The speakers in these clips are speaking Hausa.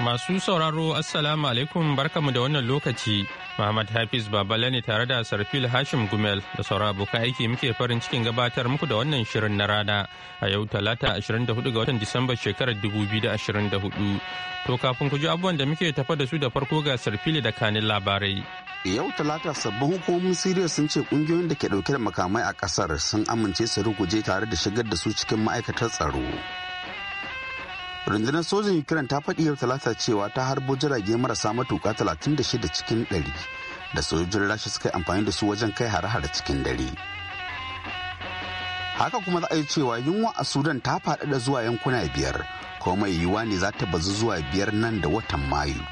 Masu sauraro Assalamu alaikum barkamu da wannan lokaci. Muhammad Hafiz Babala ne tare da Sarfil Hashim Gumel da saura abokan aiki muke farin cikin gabatar muku da wannan shirin na rana a yau talata 24 ga watan Disamba shekarar 2024. To kafin ku ji abubuwan da muke tafa da su da farko ga Sarfil da kanin labarai. Yau talata sabbin hukumomin Siriya sun ce kungiyoyin da ke dauke da makamai a kasar sun amince su ruguje tare da shigar da su cikin ma'aikatar tsaro. rundunar sojin ukraine ta faɗi yau talata cewa ta harbo jirage marasa matuka 36 cikin 100 da sojojin rasha suka yi amfani da su wajen kai hare-hare cikin dare haka kuma za a yi cewa yunwa a sudan ta faɗaɗa zuwa yankuna biyar ko mai yiwuwa ne za ta bazu zuwa biyar nan da watan mayu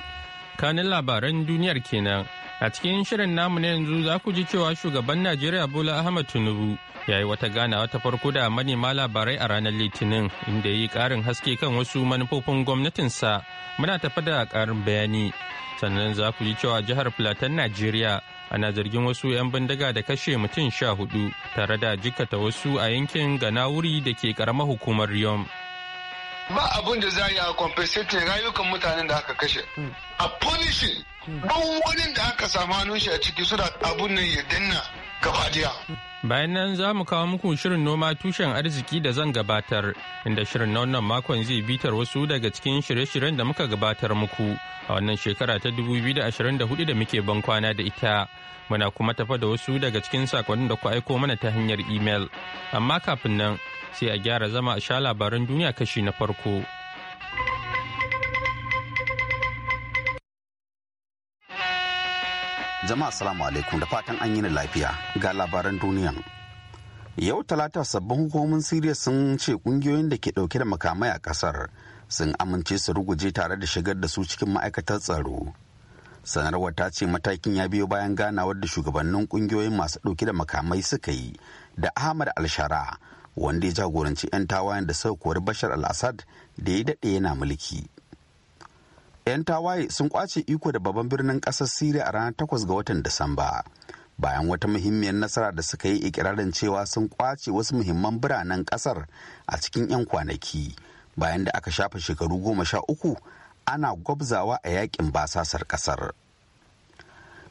kanin labaran duniyar kenan A cikin shirin namu na yanzu za ku ji cewa shugaban Najeriya Bola Ahmed Tinubu ya yi wata ganawa ta farko da manema labarai a ranar Litinin inda ya yi ƙarin haske kan wasu manufofin gwamnatinsa muna tafa da ƙarin bayani. Sannan za ku ji cewa jihar Filatan Najeriya ana zargin wasu 'yan bindiga da kashe mutum sha hudu tare da jikata wasu a yankin ganawuri da ke karamar hukumar yom ba abin da za a yi a compensating rayukan mutanen da aka kashe a punishing Don hmm. da aka samu hannun shi a ciki suna abun nan ya danna gaba Bayan nan za mu kawo muku shirin noma tushen arziki da zan gabatar, inda shirin na wannan makon zai bitar wasu daga cikin shirye-shiryen da muka gabatar muku a wannan shekara ta 2024 da muke ban kwana da ita. Muna kuma tafa da wasu daga cikin sakonnin da ku aiko mana ta hanyar imel. Amma kafin nan sai a gyara zama a sha labaran duniya kashi na farko. jama'a salamu alaikum da fatan an yi lafiya ga labaran duniya yau talata sabbin hukumomin siriya sun ce kungiyoyin da ke dauke da makamai a kasar sun amince su ruguje tare da shigar da su cikin ma'aikatar tsaro sanarwar ta ce matakin ya biyo bayan ganawar da shugabannin kungiyoyin masu dauke da makamai suka yi da ahmad alshara wanda ya jagoranci 'yan tawayen da suka kori bashar al da ya daɗe yana mulki 'yan tawaye sun kwace iko da babban birnin ƙasar siriya a ranar 8 ga watan disamba bayan wata muhimmiyar nasara da suka yi ikirarin cewa sun kwace wasu muhimman biranen ƙasar a cikin 'yan kwanaki bayan da aka shafa shekaru goma sha uku ana gwabzawa a yakin basasar ƙasar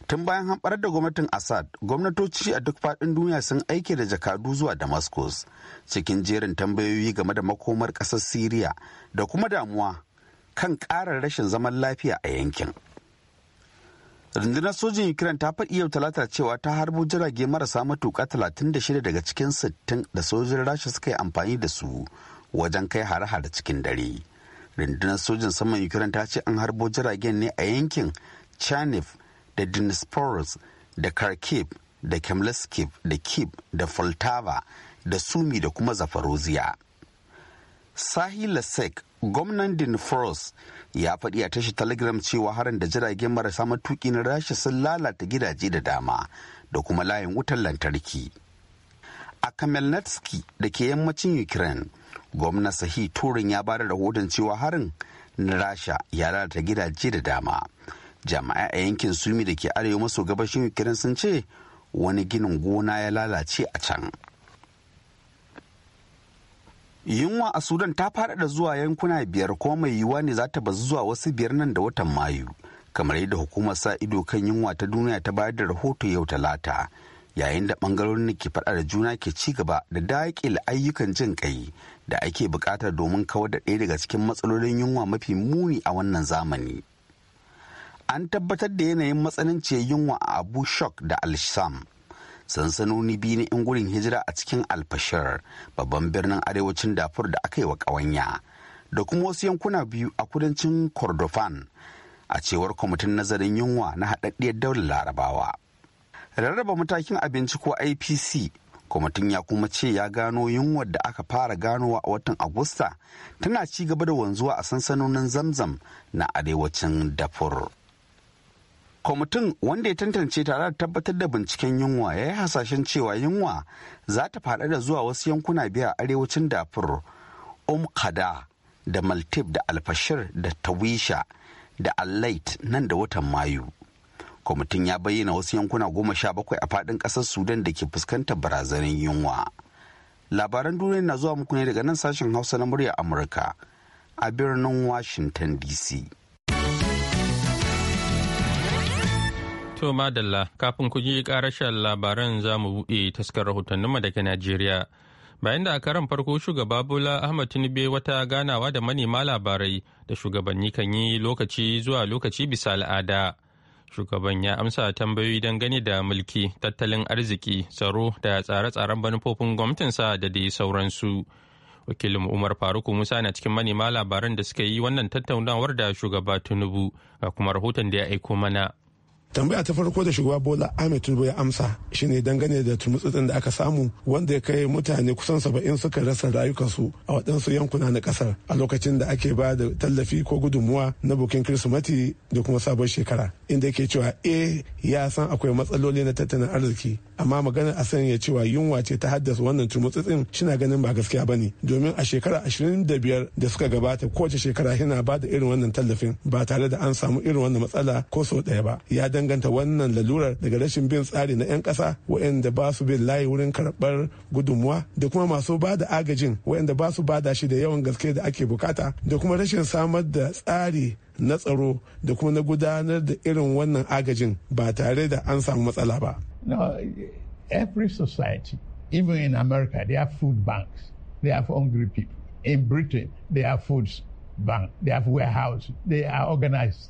tun bayan hamɓar da gwamnatin assad gwamnatoci a duk faɗin duniya sun aike da jakadu zuwa damascus cikin jerin tambayoyi game da makomar ƙasar siriya da kuma damuwa kan ƙarar rashin zaman lafiya a yankin rundunar sojin ukraine ta faɗi yau talata cewa ta harbo jirage marasa matuƙa 36 daga cikin 60 da sojin rasha suka yi amfani da su wajen kai hare-hare cikin dare rundunar sojin saman ukraine ta ce an harbo jiragen ne a yankin chanif da dinisporus da kharkiv da kemleskiv da kib da poltava da sumi da kuma zafaroziya sahi lasek gwamnan din frost ya faɗi a tashi telegram cewa harin da jiragen marasa matuƙi na rasha sun lalata gidaje da dama da kuma layin wutar lantarki a kamelnitsky da ke yammacin ukraine gwamna sahi turin ya ba da rahoton cewa harin na rasha ya lalata gidaje da dama jama'a a yankin sumi da ke arewa maso gabashin ukraine sun ce wani ginin gona ya lalace a can yunwa a sudan ta faɗaɗa zuwa yankuna biyar kuma mai yiwuwa ne za ta bazu zuwa wasu biyar nan da watan mayu kamar yadda hukumar sa ido kan yunwa ta duniya ta bayar da rahoto yau talata yayin da bangarorin ke faɗa da juna ke ci gaba da daƙil ayyukan jin kai da ake buƙatar domin kawar da ɗaya daga cikin matsalolin yunwa mafi muni a wannan zamani an tabbatar da yanayin matsananciyar yunwa a abu shok da alsham sansanoni biyu na 'yan gudun hijira a cikin alfashir babban birnin arewacin dafur da aka yi wa ƙawanya da kuma wasu yankuna biyu a kudancin kordofan a cewar kwamitin nazarin yunwa na haɗaɗɗiyar daular larabawa rarraba matakin abinci ko ipc kwamitin ya kuma ce ya gano yunwar da aka fara ganowa a watan agusta tana ci gaba da wanzuwa a sansanonin zamzam na arewacin dafur kwamitin wanda ya tantance tare da tabbatar da binciken yunwa ya yi hasashen cewa yunwa za ta faɗa da zuwa wasu yankuna biya arewacin dafur umkada da maltib da alfashir da tawisha da allait nan da watan mayu kwamitin ya bayyana wasu yankuna goma sha bakwai a faɗin ƙasar sudan da ke fuskantar barazanin yunwa labaran duniya na zuwa muku ne daga nan sashen hausa na murya amurka a birnin washington dc To madalla kafin ku ji karashen labaran za mu buɗe taskar rahotanninmu daga Najeriya. Bayan da a karan farko shugaba Bola Ahmad Tinubu wata ganawa da manema labarai da shugabanni kan yi lokaci zuwa lokaci bisa al'ada. Shugaban ya amsa tambayoyi dangane da mulki, tattalin arziki, tsaro da tsare-tsaren manufofin sa da dai sauransu. wakilin umar faruku musa na cikin manema labaran da suka yi wannan tattaunawar da shugaba tinubu ga kuma rahoton da ya aiko mana tambaya ta farko da shugaba bola ahmed tinubu ya amsa shine dangane da turmutsutsin da aka samu wanda ya kai mutane kusan saba'in suka rasa rayukansu a waɗansu yankuna na ƙasar a lokacin da ake ba da tallafi ko gudunmuwa na bukin kirsimati da kuma sabon shekara inda yake cewa eh ya san akwai matsaloli na tattalin arziki amma maganar a sanya cewa yunwa ce ta haddasa wannan turmutsutsin shina ganin ba gaskiya ba ne domin a shekara ashirin da biyar da suka gabata kowace shekara yana ba da irin wannan tallafin ba tare da an samu irin wannan matsala ko sau ɗaya ba ya danganta wannan lalurar daga rashin bin tsari na 'yan kasa wayanda ba su bin layi wurin karɓar gudunmuwa da kuma masu ba da agajin wayanda ba su ba da shi da yawan gaske da ake bukata da kuma rashin samar da tsari na tsaro da kuma na gudanar da irin wannan agajin ba tare da an samu matsala ba. Now, every society, even in America, they have food banks. They have hungry people. In Britain, they have food banks. they have warehouses. they are organized.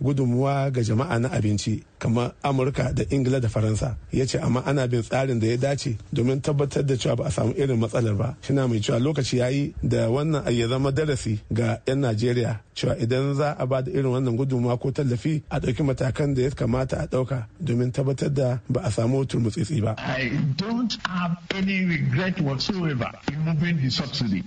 gudunmuwa ga jama'a na abinci kamar amurka da ingila da faransa ya ce amma ana bin tsarin da ya dace domin tabbatar da cewa ba a samu irin matsalar ba shina mai cewa lokaci ya yi da wannan ya zama darasi ga 'yan najeriya cewa idan za a ba da irin wannan gudunmuwa ko tallafi a ɗauki matakan da ya kamata a ɗauka domin tabbatar da ba a samu turmutsitsi ba.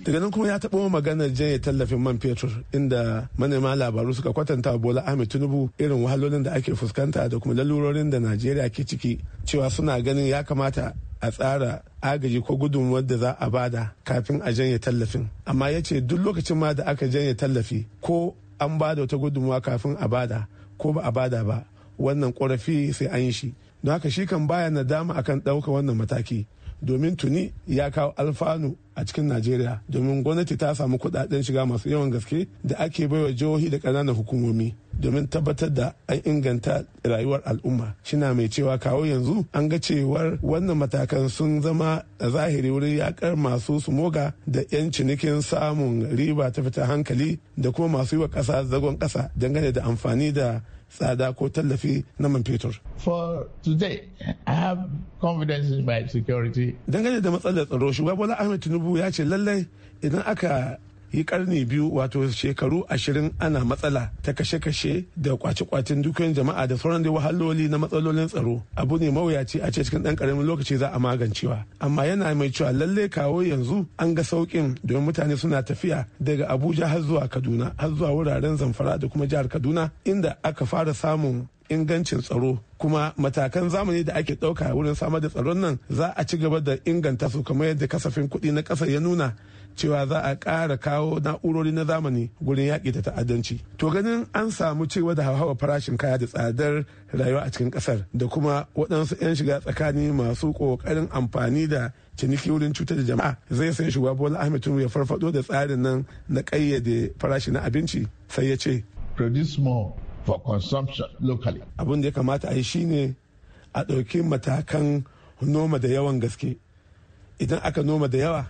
Daga nan kuma ya taɓa maganar janye tallafin man fetur inda manema labaru suka kwatanta Bola Ahmed tinubu irin wahalolin da ake fuskanta da kuma lalurorin da najeriya ke ciki cewa suna ganin ya kamata a tsara agaji ko gudunmuwar da za a bada kafin a janye tallafin amma ya ce duk lokacin ma da aka janye tallafi ko an bada wata gudunmuwa kafin a bada ko ba a bada ba wannan korafi sai an yi shi don haka shi kan baya na dama akan ɗauka wannan mataki domin tuni ya kawo alfanu a cikin najeriya domin gwamnati ta samu kudaden shiga masu yawan gaske da ake baiwa jihohi da kananan hukumomi domin tabbatar da an inganta rayuwar al'umma shina mai cewa kawo yanzu an ga cewar wannan matakan sun zama a zahiri wurin yakar masu sumoga da 'yan cinikin samun riba ta fita hankali da kuma masu yi wa ƙasa zagon ƙasa dangane da amfani da tsada ko tallafi na man fetur. For today, I have confidence in my security. Dangane da matsalar tsaro, shugaba Bola Ahmed Tinubu ya ce lallai idan aka yi karni biyu wato shekaru ashirin ana matsala ta kashe-kashe da kwace-kwacen dukiyoyin jama'a da sauran dai wahaloli na matsalolin tsaro abu ne mawuyaci a ce cikin ɗan karamin lokaci za a magancewa amma yana mai cewa lalle kawo yanzu an ga sauƙin domin mutane suna tafiya daga abuja har zuwa kaduna har zuwa wuraren zamfara da kuma jihar kaduna inda aka fara samun ingancin tsaro kuma matakan zamani da ake ɗauka wurin samar da tsaron nan za a ci gaba da inganta su kamar yadda kasafin kuɗi na ƙasa ya nuna cewa za a ƙara kawo na'urori na zamani gurin yaƙi da ta'addanci to ganin an samu cewa da hauhawar farashin kaya da tsadar rayuwa a cikin ƙasar da kuma waɗansu 'yan shiga tsakani masu ƙoƙarin amfani da ciniki wurin cutar da jama'a zai san shugaba bola ahmed tinubu ya farfado da tsarin nan na ƙayyade farashi na abinci sai ya ce produce more for consumption locally abin da ya kamata a yi shine a ɗauki matakan noma da yawan gaske idan aka noma da yawa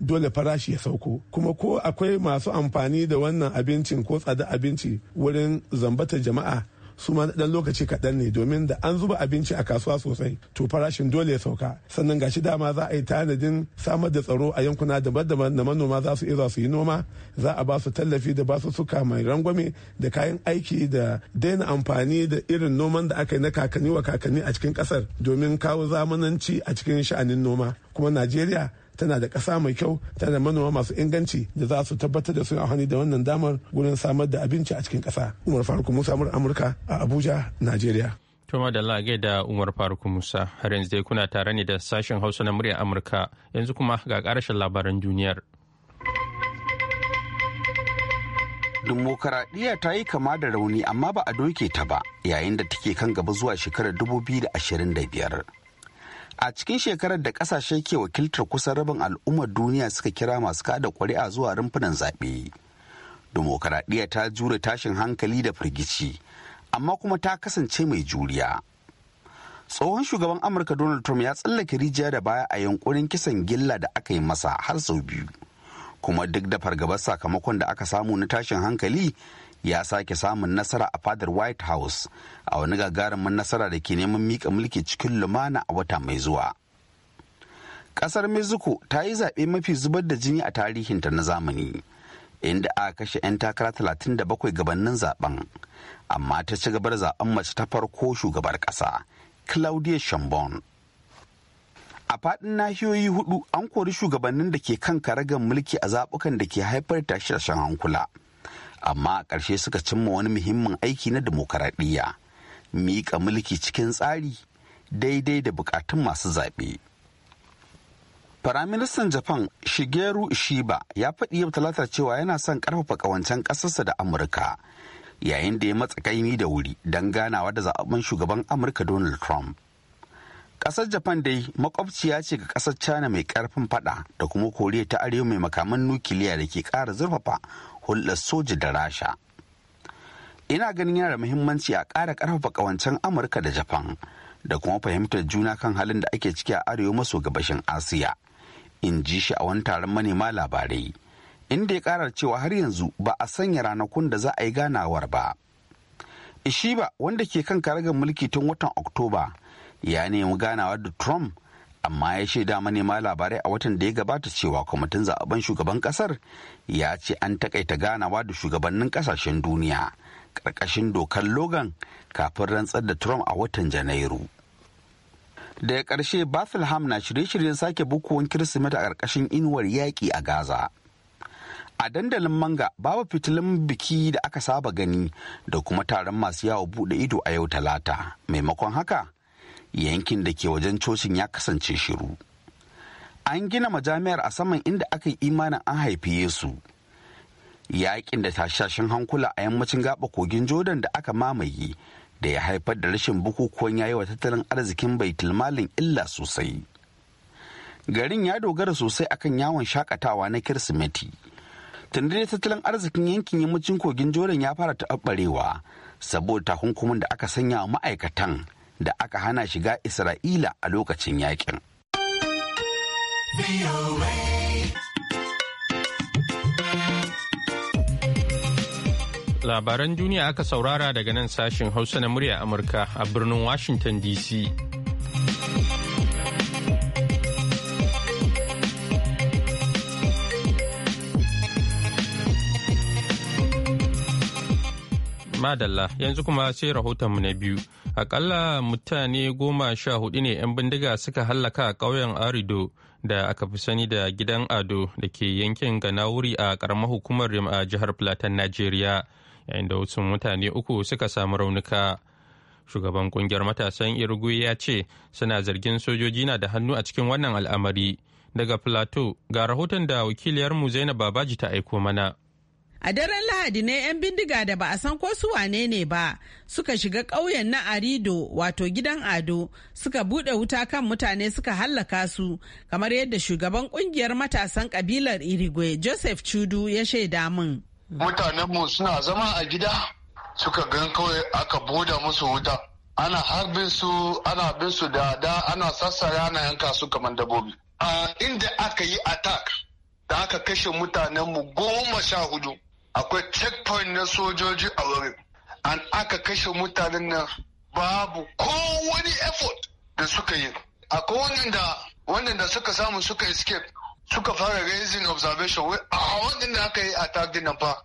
dole farashi ya sauko kuma ko akwai masu amfani da wannan abincin ko tsada abinci wurin zambatar jama'a su ma dan lokaci kaɗan ne domin da an zuba abinci a kasuwa sosai to farashin dole ya sauka sannan gashi dama za a yi tanadin samar da tsaro a yankuna daban-daban na manoma za su iya su yi noma za a ba su tallafi da ba su suka mai rangwame da kayan aiki da daina amfani da irin noman da aka yi na kakanni wa kakanni a cikin kasar domin kawo zamananci a cikin sha'anin noma kuma najeriya tana da ƙasa mai kyau tana da manoma masu inganci da za su tabbatar da su amfani da wannan damar gurin samar da abinci a cikin ƙasa umar faruk musa amurka a abuja najeriya kuma da lage da Umar Faruk Musa har yanzu dai kuna tare ne da sashen Hausa na murya Amurka yanzu kuma ga karashin labaran duniyar. Dimokuraɗiyya ta yi kama da rauni amma ba a doke ta ba yayin da take kan gaba zuwa shekarar 2025. a cikin shekarar da kasashe ke wakiltar kusan rabin al'ummar duniya suka kira masu kada ƙuri'a zuwa rumfunan zaɓe dimokuraɗiyya ta jure tashin hankali da firgici amma kuma ta kasance mai juriya tsohon shugaban amurka donald trump ya tsallake rijiya da baya a yankurin kisan gilla da aka yi masa har sau biyu kuma duk da fargabar sakamakon da aka samu na tashin hankali ya sake samun nasara a fadar white house a wani gagarumin nasara da ke neman mika mulki cikin lumana a wata mai zuwa kasar mexico ta yi zaɓe mafi zubar da jini a tarihinta na zamani inda aka kashe 'yan takara 37 gabanin zaben amma ta ci gabar zaben mace ta farko shugabar ƙasa claudia shambon a fadin nahiyoyi hudu an kori shugabannin da ke kan karagar mulki a zaɓukan da ke haifar tashe-tashen hankula. amma a ƙarshe suka cimma wani muhimmin aiki na dimokuraɗiyya, miƙa mulki cikin tsari daidai da bukatun masu zaɓe. Firaministan Japan Shigeru Ishiba ya faɗi yau talatar cewa yana son ƙarfafa ƙawancen ƙasarsa da Amurka yayin da ya matsa kaimi da wuri don ganawa da zaɓen shugaban Amurka Donald Trump. Ƙasar Japan dai makwabciya ce ga ƙasar China mai ƙarfin faɗa da kuma Koriya ta Arewa mai makaman nukiliya da ke ƙara zurfafa hulɗar soji da rasha ina ganin yana da muhimmanci a ƙara ƙarfafa ƙawancen amurka da japan da kuma fahimtar juna kan halin da ake ciki a arewa maso gabashin asiya in ji shi a wani taron manema labarai inda ya ƙarar cewa har yanzu ba a sanya ranakun da za a yi ganawar ba ishiba wanda ke kan karagar mulki tun watan oktoba ya nemi ganawar da trump amma ya shaida manema labarai a watan da ya gabata cewa kwamitin zaɓen shugaban ƙasar ya ce an taƙaita ganawa da shugabannin ƙasashen duniya ƙarƙashin dokar logan kafin rantsar da trump a watan janairu daga ƙarshe bethlehem na shirye-shiryen sake bukuwan kirsimeti a ƙarƙashin inuwar yaƙi a gaza a dandalin manga babu fitilun biki da aka saba gani da kuma taron masu yawo bude ido a yau talata maimakon haka yankin da ke wajen cocin ya kasance shiru an gina majami'ar a saman inda aka yi imanin an haifi yesu Yaƙin da tashashin hankula a yammacin gaba kogin jordan da aka mamaye da ya haifar da rashin bukukuwan yayi wa tattalin arzikin tilmalin illa sosai garin ya dogara sosai akan yawon shakatawa na kirsimeti dai tattalin arzikin yankin yammacin kogin jordan ya fara taɓarewa saboda takunkumin da aka sanya wa ma'aikatan da aka hana shiga Isra'ila a lokacin yakin. Labaran duniya aka saurara daga nan sashin Hausa na murya Amurka a birnin Washington DC. Madalla yanzu kuma sai rahoton mu na biyu. Akalla mutane goma sha hudu ne 'yan bindiga suka hallaka a ƙauyen Arido da aka fi sani da gidan Ado da ke yankin Ganawuri a ƙaramar hukumar Rim a jihar Plateau, nigeria yayin da wasu mutane uku suka samu raunuka. Shugaban kungiyar matasan irugu ya ce suna zargin sojoji na da hannu a cikin wannan al'amari. Daga Plateau ga rahoton da wakiliyarmu Zainab Babaji ta aiko mana. A daren Lahadi ne 'yan bindiga da ba a san ko su wane ne ba suka shiga ƙauyen na Arido wato gidan Ado suka buɗe wuta kan mutane suka hallaka su kamar yadda shugaban ƙungiyar matasan ƙabilar Irigwe Joseph Chudu ya shaida min. Mutanenmu suna zama a gida suka gan kawai aka boda musu wuta. Ana harbin su ana bin su da da ana sassara ana yanka su kamar dabobi. A inda aka yi attack da aka kashe mutanenmu goma sha hudu. akwai checkpoint na sojoji a wurin an aka kashe mutanen nan babu kowani effort da suka yi akwai wannan da suka samu suka escape suka fara raising observation wai a da aka yi a din nan fa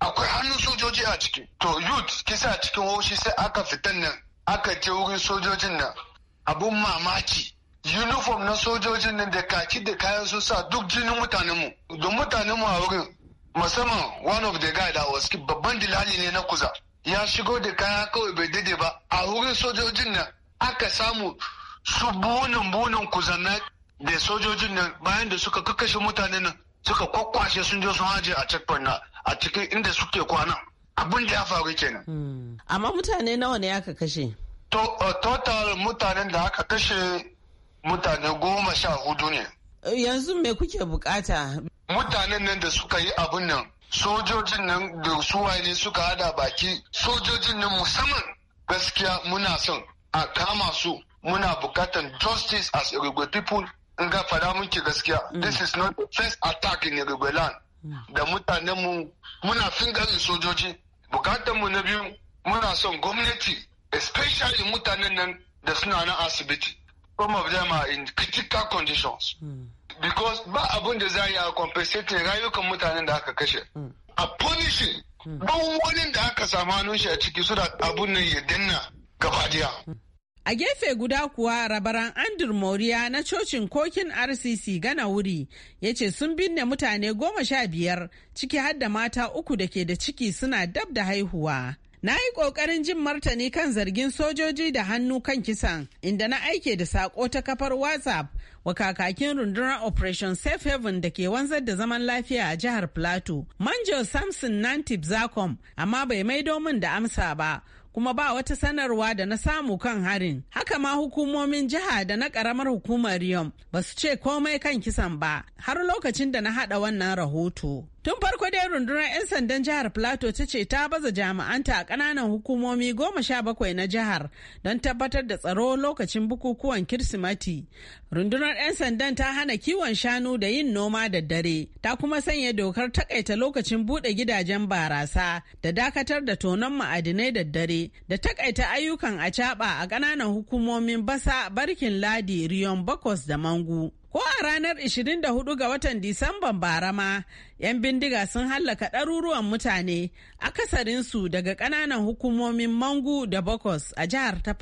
akwai hannun sojoji a ciki to youth kisa cikin haushi sai aka fitan nan aka je wurin sojojin nan abun mamaki uniform na sojojin nan da kaki da kayan su sa duk jinin mutanenmu don mutanenmu a wurin musamman one of the guy that was babban dilali ne na kuza ya shigo da kaya kawai bai daidai ba a wurin sojojin nan aka samu su bunin bunin na da sojojin nan bayan da suka kakkashe mutanen nan suka kwakwashe sun je sun haje a checkpoint na a cikin inda suke kwana abin da ya faru kenan. Hmm. amma mutane nawa ne aka kashe total mutanen da aka kashe mutane goma sha hudu ne Yanzu me kuke bukata? Mutanen nan da suka yi abun nan, sojojin nan da suwaye ne suka hada baki, sojojin nan musamman gaskiya muna son a kama su muna bukatan justice as Irigwe people in ga fada muke gaskiya. Mm. This is not the first attack in Irigwe land. Mm. Da mutanen mu muna fingarin sojoji. Bukatan mu na biyu muna son gwamnati especially mutanen nan da suna na asibiti. some of them are in critical conditions hmm. because ba abun da za a yi a compensating rayukan mutanen da aka kashe hmm. a punishing hmm. duk wani da aka samu hannun shi a ciki su da abun nan ya danna gaba daya A gefe guda kuwa rabaran Andrew Moriya na cocin kokin RCC gana wuri ya ce sun binne mutane goma sha biyar ciki har da mata uku da ke da ciki suna dab da haihuwa. Na yi ƙoƙarin jin martani kan zargin sojoji da hannu kan kisan, inda na aike da saƙo ta kafar WhatsApp wa kakakin rundunar Operation Safe Haven da ke wanzar da zaman lafiya a jihar Plateau. Manjo Samson Nantib Zakom, amma bai maido min da amsa ba. kuma ba wata sanarwa da na samu kan harin. Haka ma hukumomin jiha da na karamar hukumar Riyom ba su ce komai kan kisan ba har lokacin da na hada wannan rahoto. Tun farko dai rundunar 'yan sandan jihar Plateau ta ce ta baza jami'anta a ƙananan hukumomi goma sha bakwai na jihar don tabbatar da tsaro lokacin bukukuwan Kirsimati. Rundunar 'yan sandan ta hana kiwon shanu da yin noma da dare, ta kuma sanya dokar takaita lokacin buɗe gidajen barasa da dakatar da tonon ma'adinai da dare da takaita ayyukan a a ƙananan hukumomin Basa, Barkin Ladi, Riyon Bakos da Mangu. Ko a ranar 24 ga watan Disamban bara ma, 'yan bindiga sun hallaka ɗaruruwan mutane, akasarinsu daga ƙananan hukumomin Mangu da Bokos a jihar ta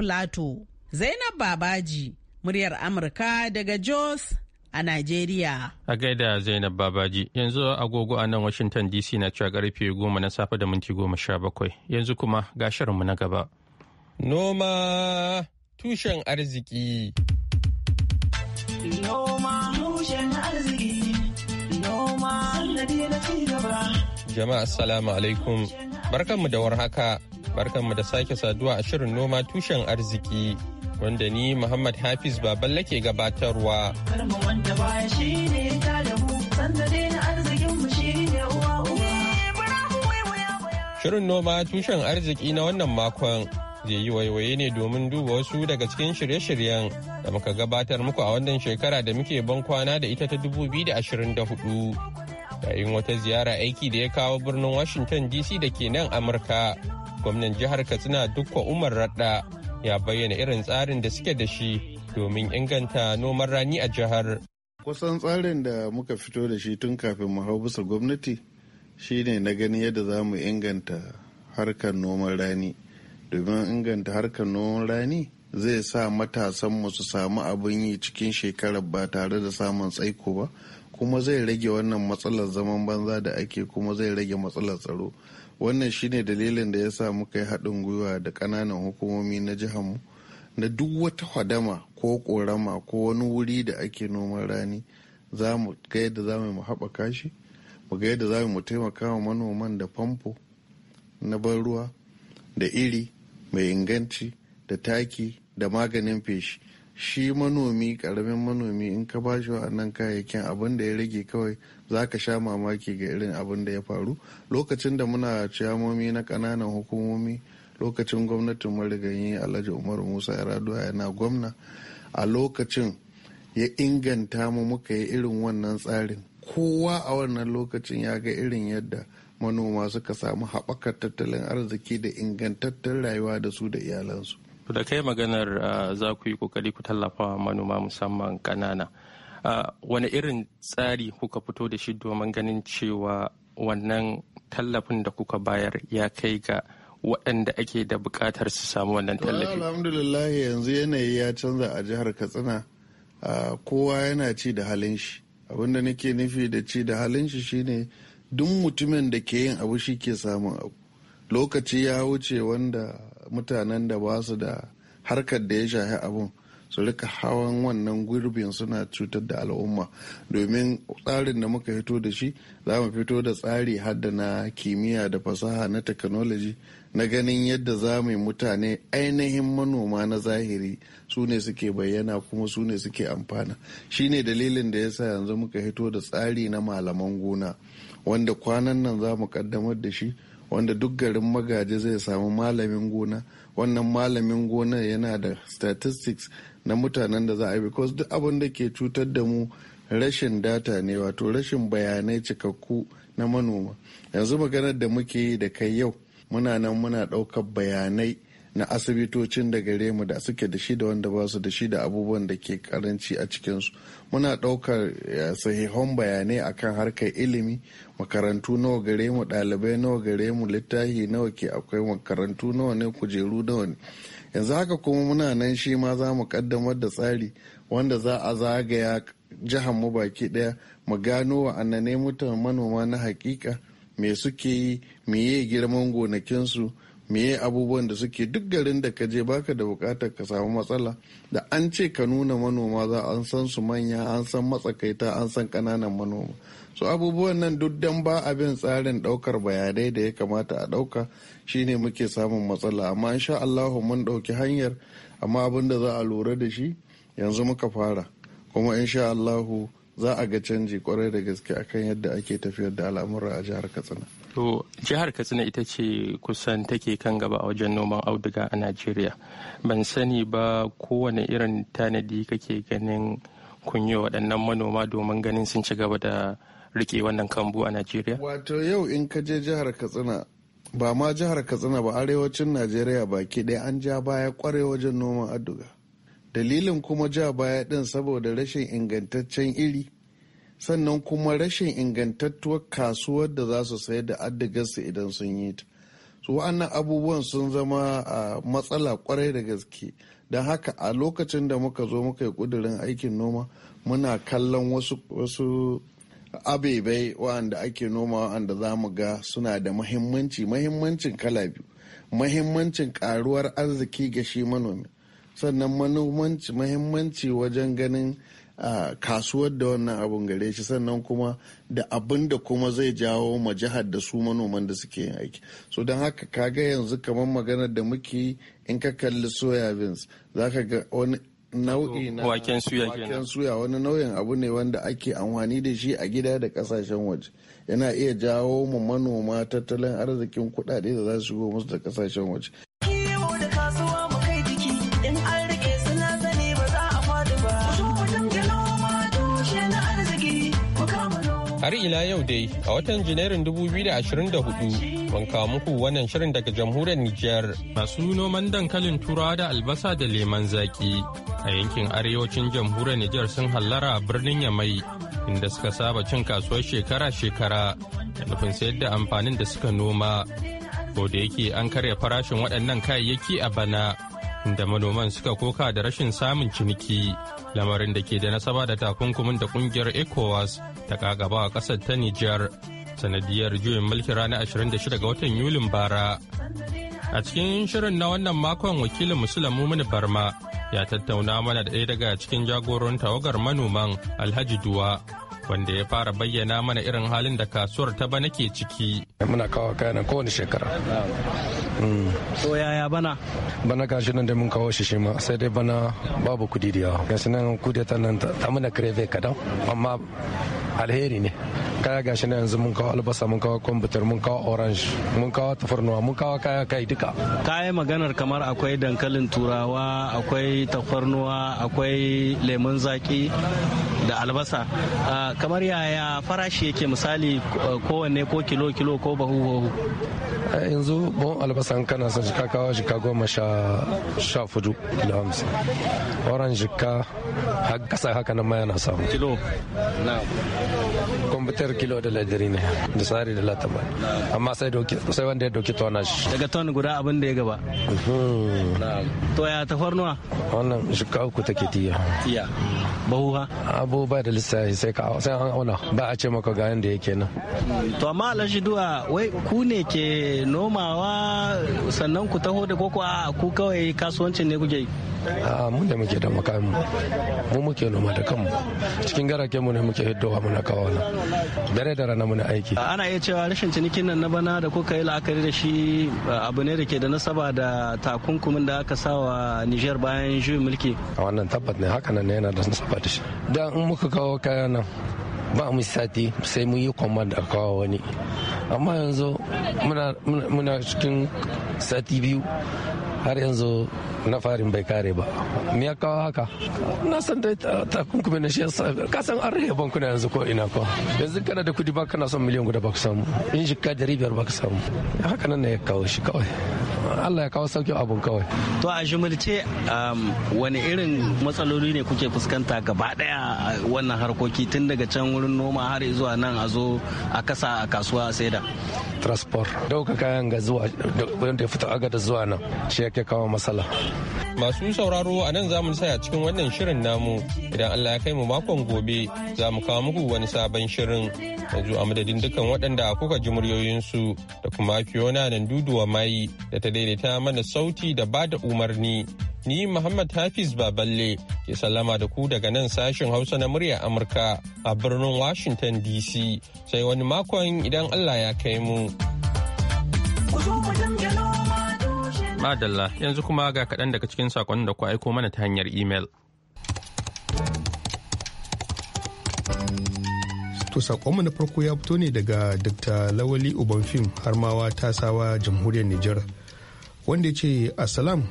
Zainab Babaji, muryar Amurka daga Jos a Najeriya. A gaida Zainab Babaji, yanzu agogo a nan Washington DC na cewa karfe goma na safe da minti goma sha bakwai. Yanzu kuma gashirinmu na gaba. Noma tushen arziki. Noma tushen arziki. Noma sannadi na ci Jama'a assalamu alaikum. Barkanmu da warhaka. Barkanmu da sake saduwa a shirin noma tushen arziki. Wanda ni Muhammad Hafiz baban lake gabatarwa. Shirin noma tushen arziki na wannan makon zai yi waiwaye ne domin duba wasu daga cikin shirye-shiryen da muka gabatar muku a wannan shekara da muke ban kwana da ita ta dubu da 2024 yayin wata ziyara aiki da ya kawo birnin washington dc da ke nan amurka gwamnan jihar katsina dukwa umar radda ya bayyana irin tsarin da suke da shi domin inganta noman rani a jihar kusan tsarin da muka fito da shi tun kafin mu hau bisa gwamnati shine na gani yadda za mu inganta harkar noman rani domin inganta harkar noman rani zai sa matasanmu su samu abin yi cikin shekarar ba tare da samun tsaiko ba kuma zai rage wannan matsalar zaman banza da ake kuma zai rage matsalar tsaro wannan shine dalilin da ya sa muka yi haɗin gwiwa da ƙananan hukumomi na jihanmu na duk wata hadama ko ƙorama ko wani wuri da ake noman rani za mu ga yadda za mu haɓaka shi mu ga yadda za mu taimaka wa manoman da famfo na ban ruwa da iri mai inganci da taki da maganin feshi shi manomi karamin manomi in ka ba shi wa'annan kayayyakin abin da ya rage kawai za ka sha mamaki ga irin abin da ya faru lokacin da muna ciyamomi na kananan hukumomi lokacin gwamnatin marigayi alhaji umaru musa ya a yana gwamna a lokacin ya inganta mu muka yi irin wannan tsarin kowa a wannan lokacin ya ga irin yadda manoma suka samu haɓakar tattalin arziki da ingantattun rayuwa da su da iyalansu. da kai maganar ah, za ku yi kokari ku tallafa manoma musamman ƙanana ah, wani irin tsari kuka fito da shi domin ganin cewa wannan tallafin da kuka bayar ya kai ga waɗanda ake da buƙatar su samu wannan tallafi. alhamdulillah yanzu yanayi ya canza a jihar katsina ah, kowa yana ci da halin shi abinda nake nufi da ci da halin shi shine duk mutumin da ke yin abu shi ke samun abu lokaci ya wuce wanda mutanen da ba su da harkar da ya shahi abun su rika hawan wannan gurbin suna cutar da al'umma domin tsarin da muka fito da shi za mu fito da tsari hadda na kimiyya da fasaha na technology na ganin yadda za mu yi mutane ainihin manoma na zahiri su ne suke bayyana kuma su ne suke amfana shine dalilin da yasa yanzu muka fito da tsari na malaman gona wanda kwanan nan za mu kaddamar da shi wanda duk garin magaji zai samu malamin gona wannan malamin gona yana da statistics na mutanen da za a yi because duk abin da ke cutar da mu rashin data ne wato rashin bayanai cikakku na manoma yanzu maganar da muke yi da kai yau muna nan muna ɗaukar bayanai na asibitocin da gare mu da suke da shi da wanda ba su da shi da abubuwan da ke karanci a cikinsu muna daukar eh, sahihan bayanai akan harkar ilimi makarantu nawa gare mu ɗalibai nawa gare mu littafi nawa ke akwai makarantu nawa ne kujeru nawa ne yanzu haka kuma muna nan shi ma za mu kaddamar da tsari wanda za a zagaya jihar mu baki ɗaya mu gano wa'annane mutan manoma na hakika me suke yi meye girman gonakinsu meye abubuwan da suke duk garin da ka je baka da bukatar ka samu matsala da an ce ka nuna manoma za an san su manya an san matsakaita an san kananan manoma su abubuwan nan duk dan ba abin tsarin daukar bayanai da ya kamata a dauka shine muke samun matsala amma insha Allah mun dauki hanyar amma abin da za a lura da shi yanzu muka fara kuma insha Allah za a ga canji kwarai da gaske akan yadda ake tafiyar da al'amura a jihar Katsina To jihar Katsina ita ce kusan take kan gaba a wajen noman auduga a Najeriya. Ban sani ba kowane irin tanadi kake ganin kunyo waɗannan manoma domin ganin sun ci gaba da rike wannan kambu a Najeriya? Wato yau in ka je jihar Katsina ba ma jihar Katsina ba arewacin Najeriya baki ɗaya an ja baya kware wajen noman auduga. Dalilin kuma ja baya ɗin saboda rashin ingantaccen iri. sannan kuma rashin ingantattuwar kasuwar da za su sayar da addigarsu idan sun yi ta su wa'annan abubuwan sun zama a matsala kwarai da gaske don haka a lokacin da muka zo muka yi kudurin aikin noma muna kallon wasu abebai wa'anda ake noma wa'anda za mu ga suna da mahimmanci mahimmancin kala biyu mahimmancin karuwar arziki ga shi manomi sannan mahimmanci wajen ganin kasuwar da wannan abun gare shi sannan kuma da abin da kuma zai jawo ma jihar da su manoman da suke yin aiki so don haka kaga yanzu kamar maganar da muke in ka kalli soya beans za ka ga wani nau'i na waken suya wani nau'in abu ne wanda ake amfani da shi a gida da kasashen waje yana iya jawo ma manoma tattalin arzikin kuɗaɗe da za su shigo musu da kasashen waje Har ila yau dai a watan Janairun 2024 mun kawo muku wannan shirin daga jamhuriyar Nijar. Masu noman dankalin turawa da albasa da leman zaki a yankin arewacin jamhuriyar Nijar sun hallara a birnin Yamai inda suka saba cin kasuwar shekara-shekara da nufin sayar da amfanin da suka noma. Ko da yake an karya farashin waɗannan kayayyaki a bana inda manoman suka koka da rashin samun ciniki. lamarin da ke da nasaba da takunkumin da kungiyar ecowas ta kagaba a kasar ta nijar sanadiyar juyin mulki ranar 26 ga watan yulin bara a cikin shirin na wannan makon wakilin musulun mumini barma ya tattauna mana da ɗaya daga cikin jagoron tawagar manoman alhaji duwa wanda ya fara bayyana mana irin halin da kasuwar ta bana ke ciki muna kawo kayan kowane shekara to yaya bana bana gashi nan da mun kawo shi shi ma sai dai bana babu kudi da yawa gashi nan kudi ta nan ta mana kreve kadan amma alheri ne kaya gashi nan yanzu mun kawo albasa mun kawo kwamfutar mun kawo orange mun kawo tafarnuwa mun kawo kaya kai duka kayan maganar kamar akwai dankalin turawa akwai tafarnuwa akwai lemun zaki da albasa ah, kamar yaya farashi yake misali kowanne ko kilo kilo ko bahu bahu yanzu bon albasa in kana son jika kawo jika goma sha fudu kilo hamsin oran jika har kasa haka nan ma samu kilo na kwamfutar kilo da ladiri ne da tsari da latabar amma sai sai wanda ya doki tona shi daga ton guda abin da ya gaba mhm. to ya tafarnuwa wannan jika uku take tiya tiya bahuwa abu ba da lissafi sai ka sai an auna ba a ce maka ga yanda yake nan to amma alhaji duwa wai ku ne ke nomawa sannan ku taho da koko a ku kawai kasuwancin ne kuke yi mun da muke da makamu mu muke noma da kanmu cikin garake mu ne muke hiddowa muna kawo nan dare da rana muna aiki ana iya cewa rashin cinikin nan na bana da kuka yi la'akari da shi abu ne da ke da nasaba da takunkumin da aka sa wa Niger bayan juyin mulki a wannan tabbat ne haka nan yana da nasaba da shi da in muka kawo kaya nan ba mu sati sai mun yi command da kawo wani amma yanzu muna cikin sati biyu har yanzu na farin bai kare ba me ya kawo haka na san da takunkumi na shi yasa ka san an rage bankuna yanzu ko ina ko yanzu kana da kudi ba kana son miliyan guda ba ku samu in shi ka dari biyar ba ku samu haka nan ne ya kawo shi kawai Allah ya kawo sauƙin abun kawai to a jimilce um, wani irin matsaloli ne kuke fuskanta gaba daya wannan harkoki tun daga can wurin noma har zuwa nan a zo a kasa a kasuwa a saida transport dauka kayan ga zuwa wanda ya fita aga da zuwa nan shi yake kawo matsala masu sauraro a nan zamu saya cikin wannan shirin namu idan Allah ya kai mu makon gobe za mu kawo muku wani sabon shirin yanzu a madadin dukkan waɗanda kuka ji muryoyinsu da kuma Fiona nan duduwa mai da ta daidaita mana sauti da ba da umarni. Ni Muhammad Hafiz Baballe ke sallama da ku daga nan sashen Hausa na murya Amurka a birnin Washington DC sai wani makon idan Allah ya kai mu. Madalla yanzu kuma ga kaɗan daga cikin saƙonin da ku aiko mana ta hanyar imel. To saƙonmu na farko ya fito ne daga Dr. Lawali Ubanfim har ma wa tasawa jamhuriyar Nijar. wanda ya ce assalam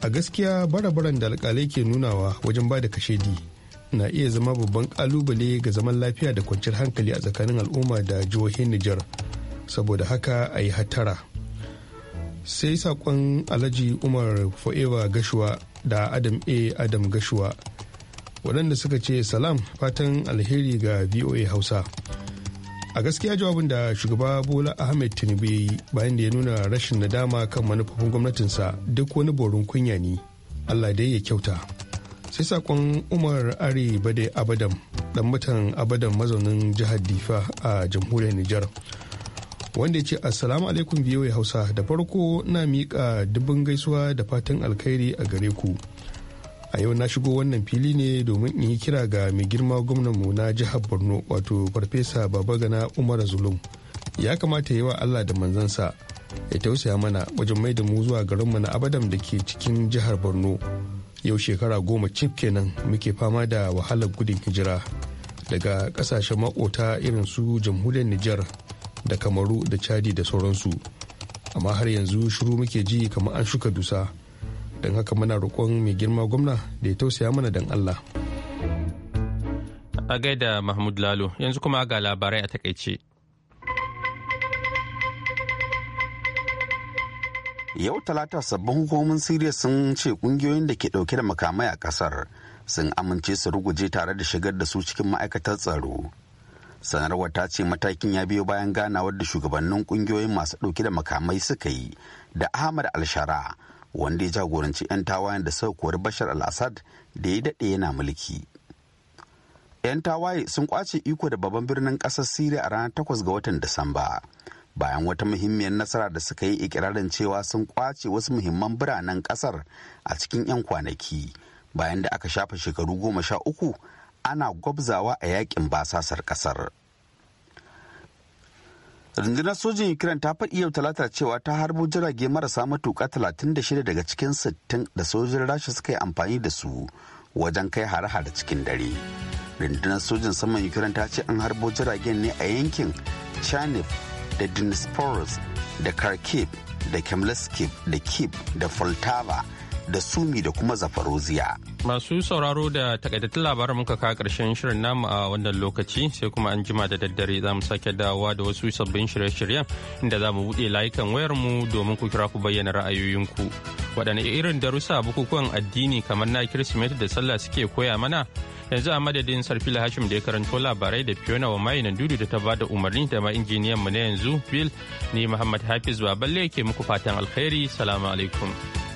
a gaskiya barabaran da alkalai ke nunawa wajen ba da kashedi na iya zama babban kalubale ga zaman lafiya da kwanciyar hankali a tsakanin al'umma da jihohin Nijar saboda haka a yi hatara sai saƙon alhaji umar fa'iwa gashuwa da adam a adam gashuwa waɗanda suka ce salam fatan alheri ga voa hausa a gaskiya jawabin da shugaba bola ahmed tinubu ya yi bayan da ya nuna rashin nadama kan manufofin gwamnatinsa duk wani borin kunya ne allah dai ya kyauta sai sakon umar ari bade abadam dan mutan abadan mazaunin jihar difa a jamhuriyar nijar wanda ya ce assalamu alaikum ya hausa da farko na miƙa dubin gaisuwa da fatan alkhairi a gare ku a yau na shigo wannan fili ne domin in yi kira ga mai girma mu na jihar borno wato farfesa babagana umar zulum ya kamata yi wa allah da manzansa ya tausaya mana wajen mai da mu zuwa garinmu na abadam da ke cikin jihar borno yau shekara goma cif kenan muke fama da wahalar gudun hijira daga kasashen makota irin su jamhuriyar nijar da kamaru da chadi da sauransu amma har yanzu shiru muke ji kamar an shuka dusa don haka muna roƙon mai girma gwamna da ya tausaya mana don allah a gaida mahmud lalo yanzu kuma ga labarai a takaice yau talata sabbin hukumomin siriya sun ce kungiyoyin da ke dauke da makamai a kasar sun amince su ruguje tare da shigar da su cikin ma'aikatar tsaro sanarwar ta ce matakin ya biyo bayan ganawar da shugabannin kungiyoyin masu dauke da makamai suka yi da ahmad alshara wanda ya jagoranci 'yan tawayen da suka kori bashar al-assad da ya daɗe yana mulki 'yan tawaye sun kwace iko da babban birnin ƙasar siriya a ranar 8 ga watan disamba bayan wata muhimmiyar nasara da suka yi ikirarin cewa sun kwace wasu muhimman biranen ƙasar a cikin 'yan kwanaki bayan da aka shafa shekaru goma sha uku ana gwabzawa a yakin basasar ƙasar. rundunar sojin ukraine ta faɗi yau talata cewa ta harbo jirage marasa matuƙa 36 daga cikin 60 da sojin rasha suka yi amfani da su wajen kai hare-hare cikin dare rundunar sojin saman ukraine ta ce an harbo jiragen ne a yankin chanif da dinisporus da kharkiv da kemleskip da kip da foltava da sumi da kuma zafaroziya. Masu sauraro da takaitattun labaran muka kawo karshen shirin namu a wannan lokaci sai kuma an jima da daddare za mu sake dawowa da wasu sabbin shirye-shiryen inda za mu buɗe layukan wayarmu domin ku kira ku bayyana ra'ayoyinku. Waɗanne irin darussa bukukuwan addini kamar na Kirsimeti da Sallah suke koya mana yanzu a madadin sarfila hashim da ya karanto labarai da fiona wa mai dudu da ta ba da umarni da ma injiniyan mu na yanzu bill ni muhammad hafiz baballe ke muku fatan alkhairi salamu alaikum